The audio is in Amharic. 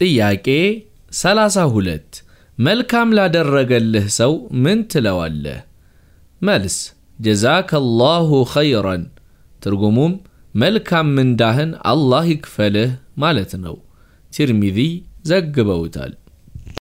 ጥያቄ 32 መልካም ላደረገልህ ሰው ምን ትለዋለህ? መልስ ጀዛከላሁ ኸይረን ትርጉሙም መልካም ምንዳህን አላህ ይክፈልህ ማለት ነው። ትርሚዚ ዘግበውታል።